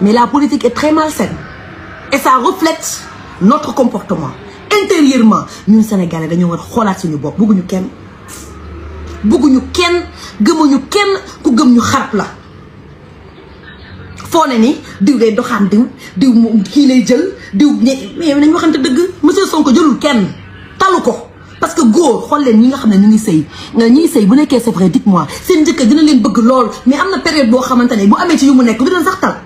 Mais la politique est très malsaine. Et ça reflète notre comportement. Intérieurement, ñun Sénégalais dañoo war a xoolaat suñu bopp bëgguñu kenn. bëgguñu kenn gëmuñu kenn ku gëmñu xarap la. fo né ni diw day doxaan diw diw ki lay jël diw mais nañu waxante dëgg monsieur Sonko jëlul kenn talu ko parce que goor xool leen ñi nga xam ne ñu ngi sey nga ñi sey bu nekkee c'est vrai dites-moi seen njëkk dina leen bëgg lool mais amna na période boo xamante bu amé ci yu mu nekk du leen sax tal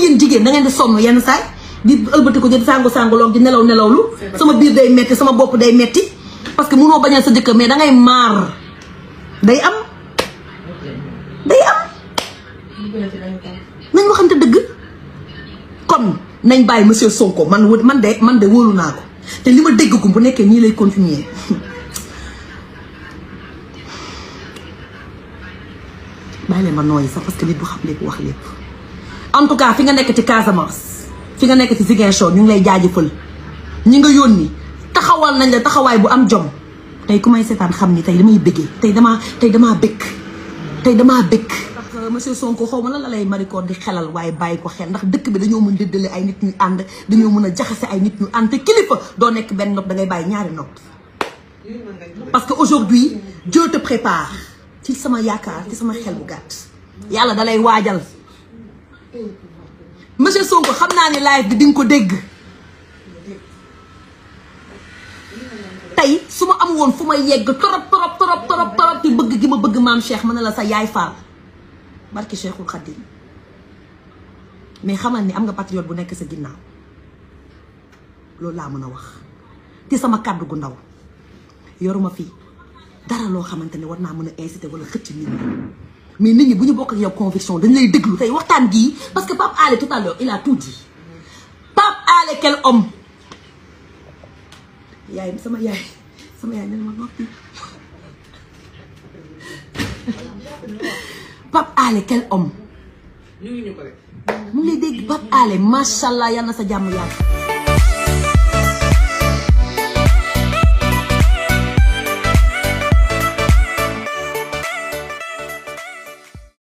comme jigéen da ngeen di sonn yenn saay di ëlbati ko di sangu sangaloog di nelaw nelawlu sama biir day metti sama bopp day metti parce que munoo bañal sa jëkkër mais da ngay maar day am day am nañ waxante dëgg kon nañ bàyyi monsieur Sonko man man de man de wóolu naa ko te li ma dégg ko bu nekkee nii lay continuer bàyyi leen ma nooyi sax parce que nit bu xam lépp wax lépp en tout cas fi nga nekk ci Casamance fi nga nekk ci Ziguinchor ñu ngi lay jaajëfal ñi nga yónni taxawal nañ la taxawaay bu am jom tey ku may seetaan xam ni tey damay bëggee tey dama tey damaa bëgg tey damaa bëgg. ndax euh, monsieur Sonko xaw ma la lay marikoon di xelal waaye bàyyi ko xel ndax dëkk bi dañoo mën dëddale ay nit ñu ànd dañoo mën a jaxase ay nit ñu ànd te kilifa doo nekk benn nopp dangay bàyyi ñaari nopp. parce que aujourd'hui Dieu te prépare ci sama yaakaar ci sama xel bu gàtt yàlla dalay waajal. monsieur Sonko xam naa ni live di nga ko dégg tey su ma am woon fu may yegg torop torop torop torop torop di bëgg gi ma bëgg maam Cheikh ma ne la sa yaay faal barki Cheikhul Khadim mais xamal ni am nga patriote bu nekk sa ginnaaw loolu laa mën a wax te sama kàddu gu ndaw yoruma fii dara loo xamante ni war naa mën a inciter wala xëcc nit ñi mais nit ñi bu ñu bokk ak yow conviction dañ lay déglu tey waxtaan gii parce que Pape Alé tout à l'heure il a tout dit Pape Alé quel homme yaay sama yaay sama yaay nen ma Pape Alé quel homme Nous ngi lay dégg Pape Alé macha allah yal na sa jàmm